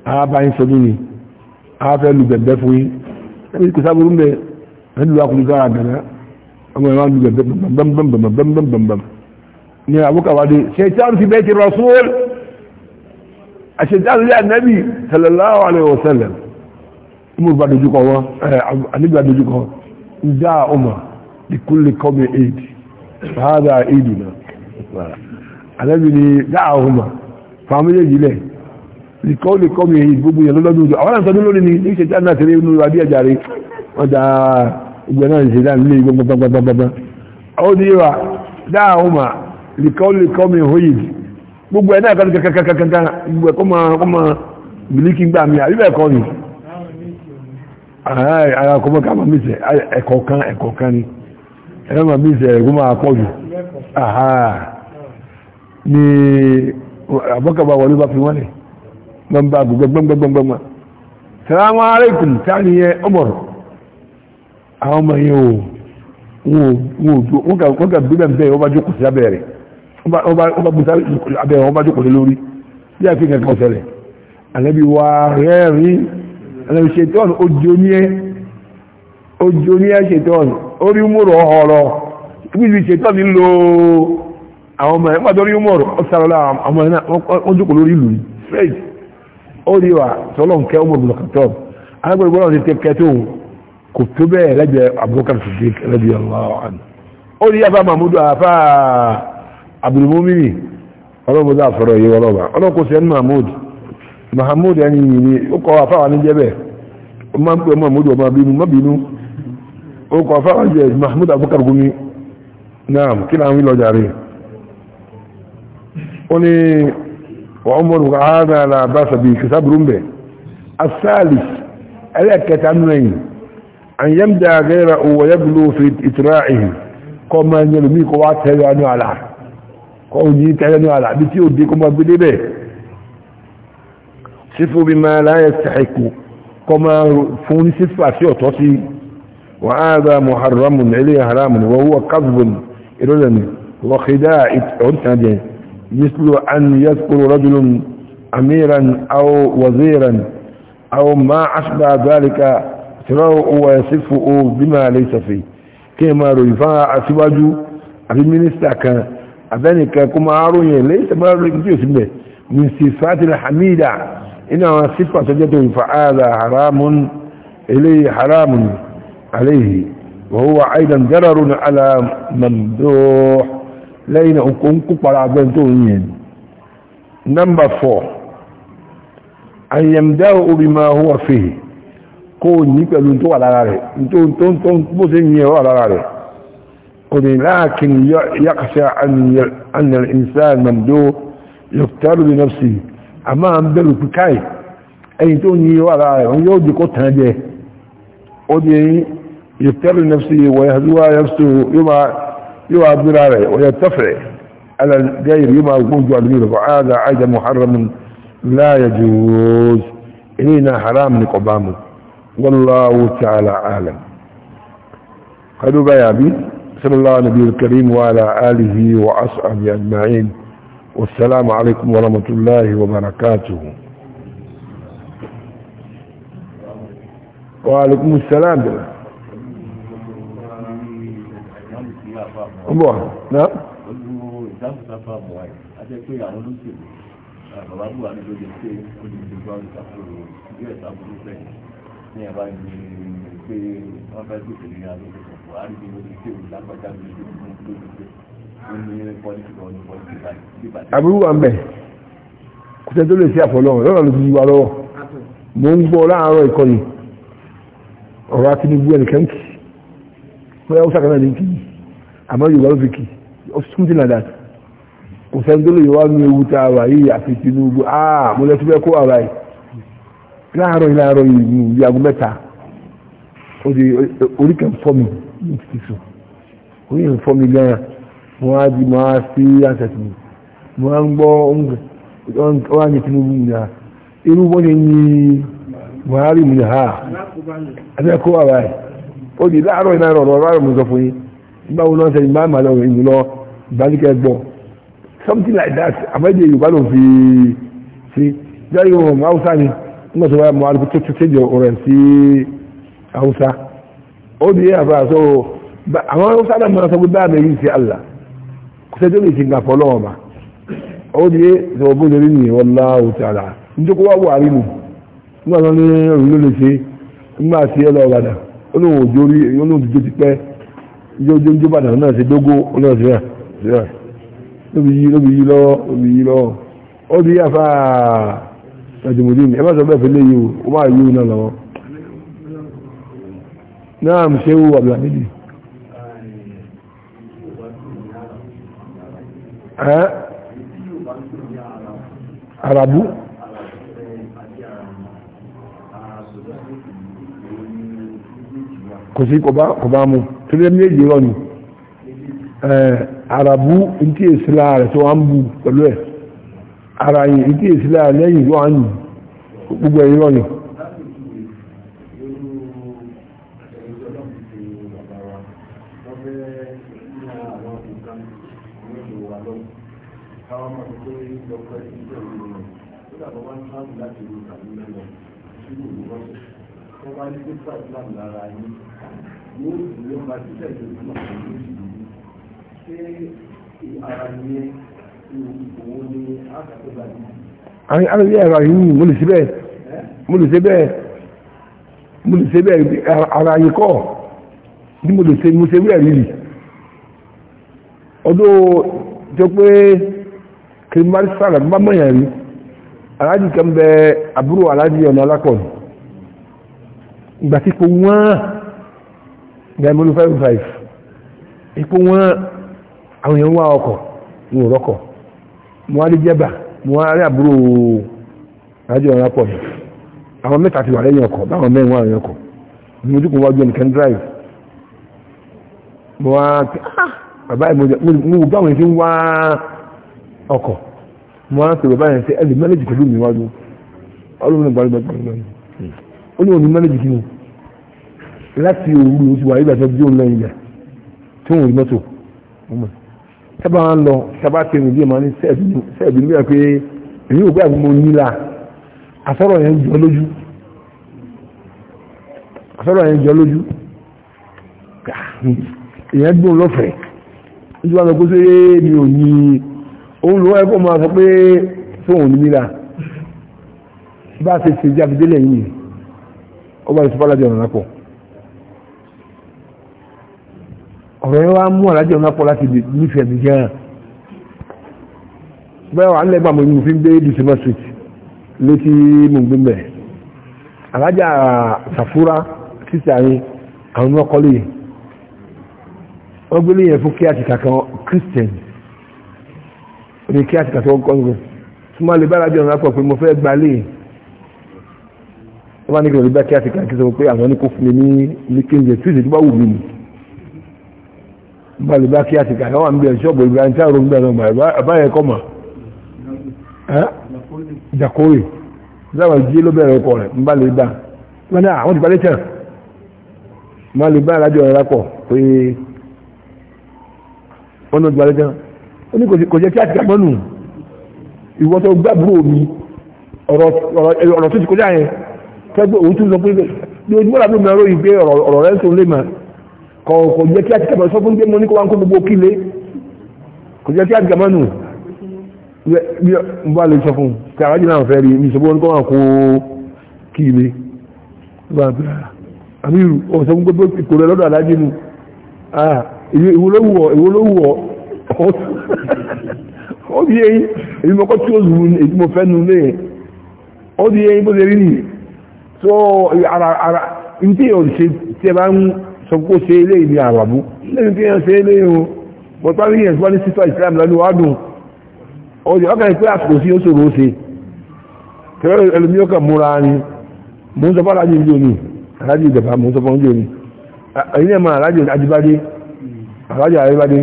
àbáyín sọdún ni àáfẹ́ lu bẹ̀bẹ̀ fún yín ẹni kò sábúrú mbẹ ẹni lu akùnrin sára àgbẹ̀rẹ̀ ọmọ ìwà lu bẹ̀bẹ̀ bẹ̀bẹ̀bẹ̀bẹ̀bẹ̀bẹ̀bẹ̀ ní àbúkàwádìí ṣe tí a ń fi bẹ́ẹ̀ ti Rasul àṣẹjáde lé ànábì sallallahu alaihi wasallam mo bá dojúkọ wọn ànábì bá dojúkọ ìjà ọmọ ìkúlẹ̀ kọ́mi aid fàádà aidu náà ànábì ni dáa ọmọ fàmílẹ̀ yìí ìkọ́lé kọ́mi èyí gbogbo yẹn lọ́dọ́dún gbogbo ẹ̀ náà kan kankankankan gbogbo ẹ̀ kọ́ ma bìlíkì gbà mí àbíbẹ̀ ẹ̀kọ́ ni ara kọ́ mọ́ká ma mísẹ̀ ẹ̀kọ́ ma mísẹ̀ ẹ̀kọ́ ma pọ̀ jù ni wọlé bá fi wọ́n lẹ̀ gbọ́ngbà yẹ àwọn ọmọ kà bẹ́ẹ̀ ọba bùtá abẹ́ wọn bá jókòó lórí bí a fi kẹ̀kẹ́ kan ṣẹlẹ̀ àlẹ́bí wa rẹ́rìn àlẹ́bí ṣetán ojú ní ẹ́ ṣetán orí múrò ọ̀rọ̀ ibi ṣetán ní lo àwọn ọmọ ẹ̀mọ́ tó rí múrò ọ̀sàrọ̀lá ọmọ ẹ̀nà wọ́n jókòó lórí ìlú fred ó rí wa tọ́lọ̀nkẹ́ ọmọ ìbùdókàtọ́ alágbẹ̀rẹ̀gbọ́n ti tẹ́ kẹ́tọ́ kò tó bẹ́ẹ̀ lẹ́gbẹ̀ẹ́ abúkàtà abdulmumini ọlọ́mọdé àfẹ́rọ̀ yìí ọlọ́ba ọlọ́kọ̀ sẹ́ni mahmood mahmood ẹni yìí ni ó kọ́ afáwa ní jẹ́bẹ̀ ó máa ń pè mahmood ọmọ abínú má bínú ó kọ́ afáwa jẹ́ mahmood abubakar gumi naam kí náà wí lọ́jà rí ó ní wọ́n mọ̀ nípa ààrẹ alábàṣà bíi kìsàbùrù ń bẹ̀ asalis ẹlẹ́kẹta nù ẹ̀yìn an yamda gaira wa yablu fi itra'ihi ko ma yalmi ko wa tayyanu ala kọ́ òyìn tẹ́lẹ̀ ní ara àbí tí ó dé kó mọ́ gbé débẹ̀ sífò bí máa láyé sàìkò kọ́ máa fún ní sífà sí ọ̀tọ́ sí wà á dá muharramun ilé haramun wọ́n wọ́n kazbun ìrọ̀lẹ̀ ni wọ́n kìdá ìtọ́ntàjẹ́ مثل أن يذكر رجل أميرا أو وزيرا أو ما أشبه ذلك سرعه ويصفه بما ليس فيه كما رفاع سواجه في مينيستا كان abẹ́nìkan kó máa ròyìn ilé ìsẹ̀mọ́lá lórí tí ó sì bẹ̀ ní sífàtí alhamida iná wọn sífà tó jẹ́ tó ìfà ààlà haramun ilé haramun aléhì wọ́n wà aidan jararun ala mamduh lẹ́yìn òkun kúpara abẹ́ tó ń yẹn nọ́mbà 4 an yamdahu obi ma huwa fihi kó ní pẹ̀lú tó wà lára rẹ̀ tó ń tó ń bó ṣe ń yẹ wà lára rẹ̀ لكن يخشى أن, أن الإنسان ممدوح يفتر بنفسه أما أمدل كاي أي توني ولا يودي قطنة جه ودي يفتر بنفسه ويهدوى نفسه يما يما براره ويتفع على الغير يما يكون جعل فهذا عيد محرم لا يجوز إلينا حرام نقبامه والله تعالى عالم قالوا بيابي صلى الله على نبي الكريم وعلى آله وأصحابه أجمعين والسلام عليكم ورحمة الله وبركاته وعليكم السلام نعم buhari bí mo ti ṣe òun lágbàjá mi ló ń mú tó ṣe ó ní pọ́lìtì lọ́wọ́ ní pọ́lìtì báyìí. àbúrò wa ń bẹ̀ kò sẹ́ni tó lè ṣe àfọlọ́run lọ́nà ló fi yí lọ́wọ́ mo ń gbọ́ láàárọ̀ ìkọlù ọ̀rọ̀ akínibú ẹnìkan kì í wọ́n sàkánná ní kì í àmọ́ yorùbá ló fi kì í something like that kò sẹ́ni tó lè yọ wá ní ewu tá a wà yìí àfi Tinubu ah mo lọ sí fẹ́ kó àwa yìí láàárọ̀ yìí láàárọ̀ yìí ní ìyàgò mẹ́ta odi oríkè ń fọ́ mi ní ìfisù orí ń fọ́ mi gan wọ́n á di máa sí àṣàtì mi wọ́n á ń gbọ́ wọ́n á ní Tinubu mi náà irú wọ́n ní ní Buhari mi náà abẹ́kọ́ àwa ẹ̀ ó di láàárọ̀ iná rọ̀rọ̀ láàárọ̀ mo sọ fún yín nígbà wo lọ́sẹ̀ ìgbà màá lọ ìlú lọ ìbáníkẹ́ gbọ́ something like that àbẹ́jẹ́ Yorùbá ló fi ṣe jáde wọn mọ Haúsá ni nígbà tó wáyà mọ alùpùpù tó ti ṣèjọ ọ̀rẹ́ sí i. hausa O di yẹ́ àfáà so àwọn hausa náà mọ́ra sọ́gbé bá mẹ́rin si allah kò sẹ́jọ́ lè ṣe gbàfọ́ lọ́wọ́ bá ó di yẹ́ sọ̀rọ̀ bó lórí nìyẹn wallahu ta'ala nítorí kó wá wà rí nù nígbà tó ní ọ̀rùn ló lè dogo, lóbi lóbi lóbi ó di n'i ẹ sọ fi léyìí o náà náà mú ṣe wúwà bí àmìlì àràbú kò sí kò bá mú tó lé méjì rọ ni àràbú ntí èsìlá rẹ̀ tó wá ń bú pẹ̀lú ẹ̀ ara yìí ntí èsìlá rẹ̀ lẹ́yìn tó wá ń gbogbo ẹ̀yìn rọ ni. àwọn arábí ẹ̀rọ yìí mo lè ṣe bẹ́ẹ̀ mo lè ṣe bẹ́ẹ̀ mo lè ṣe bẹ́ẹ̀ ara yìí kọ́ ní mo lè ṣe mo ṣe bẹ́ẹ̀ rírì ọdún tó pé kìrìmárì sára bá mọ̀yàn rí aláàjì kan bẹ àbúrò aláàjì ọ̀nà alákọ̀ọ́ ìgbà tí wọ́n gbẹ̀mọ́lú 5-5 ipò wọ́n oh àwọn èèyàn wá ọkọ̀ wọn ò rọ́kọ̀ wọ́n á mo wá rí àbúrò àjọ ọ̀rọ̀ pọ̀ mi àwọn mẹ́ta ti wà lẹ́yìn ọkọ̀ báwọn mẹ́rin wà lẹ́yìn ọkọ̀ mo dúkùn wájú ẹnìkan drive mo wá ah, bàbá ìmọ̀jẹ̀ mo wù báwọn ti ń wá ọkọ̀ mo wá pè bàbá yẹn sẹ ẹ lè mẹ́lẹ́jì pẹ̀lú mi wájú ọlọ́run ní gbàlúgbà gbàlúgbà yìí ó ní òní mẹ́lẹ́jì kí ni láti òru oṣù wà nígbà tó bí òun lẹ́yìn òun rí mọ́tò sábà ń lọ sábà ti rìn bí ìmọ̀ ní sẹ́ẹ̀bì nígbà pé èyí ò gbà mo nílà àsọ̀rọ̀ yẹn jọ lójú àsọ̀rọ̀ yẹn jọ lójú èyàn gbóhùn lọ́fẹ̀ẹ́ nítorí wọn kó sóyé mi ò ní òun ló wáyé kó máa sọ pé sóhun ní nílà bá a ṣe ṣe jáde délẹ̀ yìí ó bá ọ̀nà lápò. ọ̀rọ̀ yẹn wá mú àlájọ náà pọ̀ láti nífẹ̀ẹ́ mi jẹ́ bẹ́ẹ̀ wà nílẹ̀ gbàmọ̀ yìí fi ń gbé december street létí mùgbìmẹ̀ àlájà sàfúrà sísè àyìn àwọn ọkọlẹ̀ yìí wọ́n gbélé yẹn fún kíá tìkà kan christian ní kíá tìkà tó kọ́ ní súnmọ́ lè bára jọ náà pọ̀ pé mo fẹ́ gbalé wọ́n bá ní kí lè bá kíá tìkà kí sọ pé àwọn ní fún mi ní ní kéńjẹ tí bali bá kí a ti kàkà wọn bí ẹ ṣọ́ọ̀bù ibrahim tí a rògbò náà mà àbáyẹ kọ́ mà jakore sábà jí ló bẹ̀rẹ̀ ọkọ rẹ̀ ń bá lè bá wọn ní àwọn ti parí tẹ̀ má lè bá alájọ rẹ̀ lápọ̀ pé wọn náà ti parí tẹ̀ ó ní kò jẹ́ kí a ti kàkà mọ́nù ìwọ tó gbàgbúrò mi ọ̀rọ̀ tó ti kọjá yẹn fẹ́ gbé òun tún sọ pé bí ojú wọn làbí kò jẹ́ kí àtìkàmọ́ sọ fún pé mo ní kó wá ń kó gbogbo kílé kò jẹ́ kí àtìkàmọ́ nù bí wà lè sọ fún kí àwọn jìnnà fẹ́ rí ìṣòwò ní kó wá kó kílé àmìrù ọ̀sẹ̀ fún gbogbo ìkò rẹ̀ lọ́dọ̀ alájí mu ìwòlówùwọ̀ ìwòlówùwọ̀ ó bí èyí èyí mọ́kọ́ tí ó zùrù ní èyí mo fẹ́ nù lé ó bí èyí bó ṣe rí nìyí so ara ara ní tí yóò ṣe tí ẹ bá sọ pé ó ṣe ilé ìlú àràbú lẹ́yìn kí yẹn ṣe ilé o but wọ́n yẹn wọ́n ní sísọ ìsìlámù lọ́dún wá dùn ó yẹ ọkàn pé àsìkò sí ó ṣòro ṣe tẹ́lẹ̀ ẹlòmí ó kàn múra ni mò ń sọ fún aláàjì ìjọ ni aláàjì ìjọba mò ń sọ fún ìjọ ni èyí náà máa aláàjì ajíbádé aláàjì àríbádé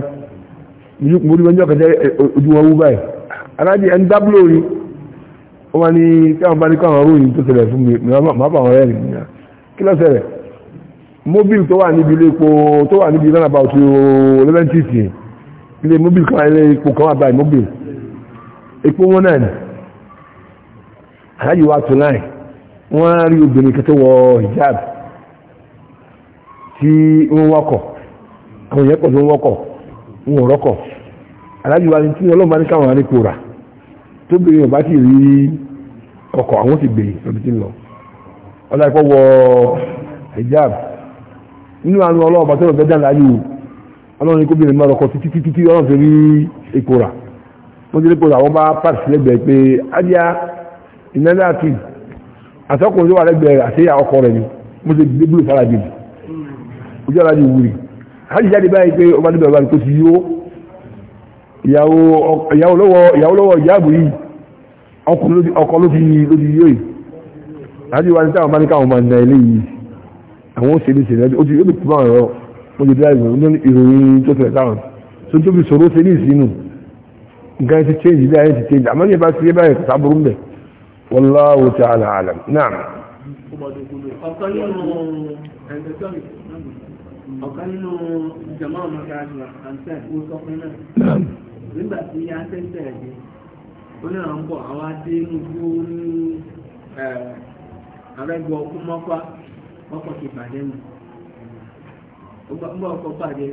mo rí wọ́njọ́ kẹtẹ́ ojú wọn wú báyìí aláàjì ẹni dábúlò ni ó wá ní káwọn bá ní káwọn ròyìn mobile tó wà níbi ilé epo tó wà níbi ìlànà about eleventy ilé mobile kan ilé epo kan wà báyìí mobile epo wọn náà ni aláyè wa tó láì wọ́n rí obìnrin kẹtẹ́ wọ hijab tí wọ́n wọ́kọ̀ àwọn èèyàn pọ̀ tó ń wọ́kọ̀ wọn ò rọ́kọ̀ wa ni tí ọlọ́mọba ní káwọn arípo rà tó bèrè ọba ti rí ọkọ̀ àwọn ti gbèrè lọ́bi tí ń lọ ọlọ́yẹ̀kọ́ wọ hijab nínú àánú ọlọ́ọ̀bà tó lọ́gbẹ́jà láyé o ọlọ́run kó bìnrin máa lọ́kọ̀ títí títí ọlọ́run fi rí epo rà wọ́n ti rí epo rà wọ́n bá pàṣẹ lẹ́gbẹ̀ẹ́ pé adíá ìnáyà àti àtọkùnrin tó wà lẹ́gbẹ̀ẹ́ àṣeyà ọkọ rẹ̀ ni mo ti gbé búrò sára jìnnì ojú ara ni wúri àti jáde báyìí pé ọba níbẹ̀ ọba nìkan ti yó ìyàwó lọ́wọ́ ìyáàbò yìí ọkọ ló ti yó yìí àti wà ní táwọn bá ní káwọn máa ń ilé yìí àwọn ó ṣe bí ṣèlérí ó ti yóò tó báwọn ẹ̀rọ ó ti dáa ìròyìn ní ìròyìn tó tẹ̀lé táwọn tó tóbi sọ̀rọ̀ ṣe ní ìsinú nǹkan ti change bí ayé ti change àmọ́ ní ìbá ti yé báyìí kòtà burú mbẹ̀ wallahu ta'ala alam naam. ọ̀kan nínú ọ̀kan nínú jama ọmọ kẹrìnà àǹtẹ̀ ó sọ fún náà nígbà tí àǹtẹ̀ ń tẹ̀lé ó ní àwọn bọ̀ àwọn adé nùgbò ní àrẹ́gbọ̀ kúmọ́fà ọkọ̀ ti bàjẹ́ nù ọgbà ọkọ̀ bàjẹ́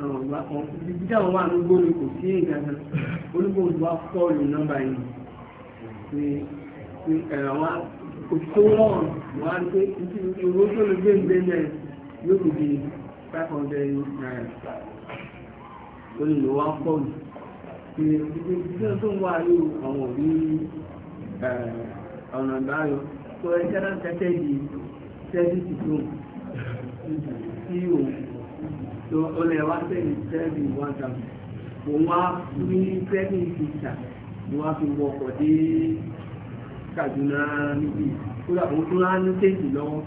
àwọn ọgbà kan ibi táwọn wà ní gbóni kò sí ìgbàgbà olúgbòǹdù wa kọ́ọ̀lù nọ́mbà yìí pé pé àwọn òṣìṣẹ́ wọn wà ní pé ìṣòro tó lè gbé ìgbé náà yóò fi di five hundred naira olùlò wa kọ́ọ̀lù pé ìṣòro tó ń wà ní àwọn òbí ọ̀nà ìbáyọ̀. so ẹ kẹ́rẹ́ di sẹ́fíìsì tó tí o tó o wá sẹ́yìn sẹ́fì wá ta òun wá ní ni fi wọ ọkọ̀ dé Kaduna níbi kódà òun tó rán ní sẹ́yìn lọ́wọ́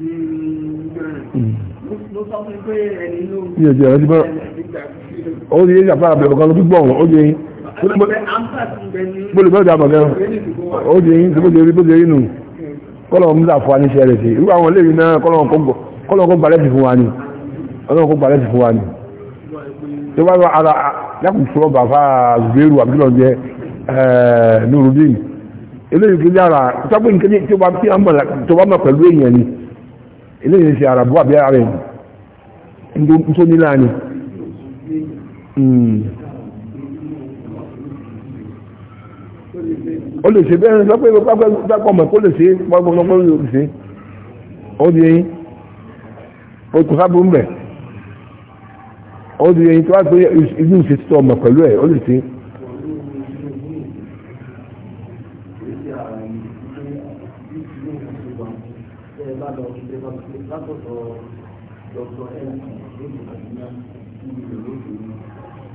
ní ìgbẹ́rẹ̀ sọ fún pé ẹni ló ń bẹ̀rẹ̀ nígbà tí di ẹ̀jẹ̀ àpárá ló fi bóòlù bẹ́ẹ̀ dà bàgẹ́ ó di eyín bó di bó di eyín nù kọ́lọ̀ ń dà fún wa ní iṣẹ́ rẹ̀ sí irú àwọn eléyìí náà kọ́lọ̀ kó gbalẹ̀ sí fún wa ni ọlọ́run kó gbalẹ̀ sí fún wa ni tó bá lọ ara yàkùn tó bá fà zubairu abdullah jẹ eh, nurudin eléyìí kí yára sábà nǹkan tí ó bá fi àmọ́ tó bá mọ̀ pẹ̀lú èèyàn ni eléyìí ṣe àràbọ̀ àbí ara ẹ̀ ń tó nílá ni. Hmm. ó lè ṣe bẹ́ẹ̀ lọ́pẹ́ pápákọ̀ mọ̀ kó lè ṣe pápákọ̀ lọ́pẹ́ lè ṣe ó di eyín ó kò sábò ń bẹ̀ ó di eyín tó wá pé inú ṣe títọ́ ọmọ pẹ̀lú ẹ̀ ó lè ṣe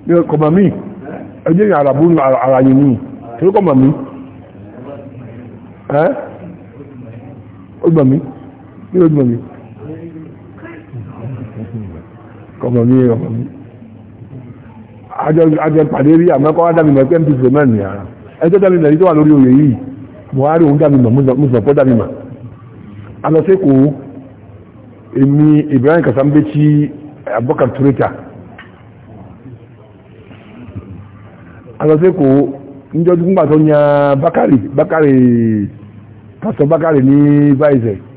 ní ọkọ̀ mọ̀ mí ẹjẹ́ ìrìn àràbù àràyìn ní torí kọ̀ mọ̀ ẹ́ ó gbà mí kí ló gbà mí kọ̀mọ̀ mí ọ̀mọ̀ mí àjọ pàdé rí àmọ́kọ́ wá dámì mọ̀ pé mp fèmẹ́ ní ara ẹjọ́ dámì mọ̀ yìí tó wà lórí oyè yìí Buhari òun dámì mọ̀ mùsùlùmọ́ dámì mọ̀ alọ́sẹ́kù èmi níjọ́ dúkúngbà tó yan Bakari Bakari pásítọ̀ Bakari ní báyìí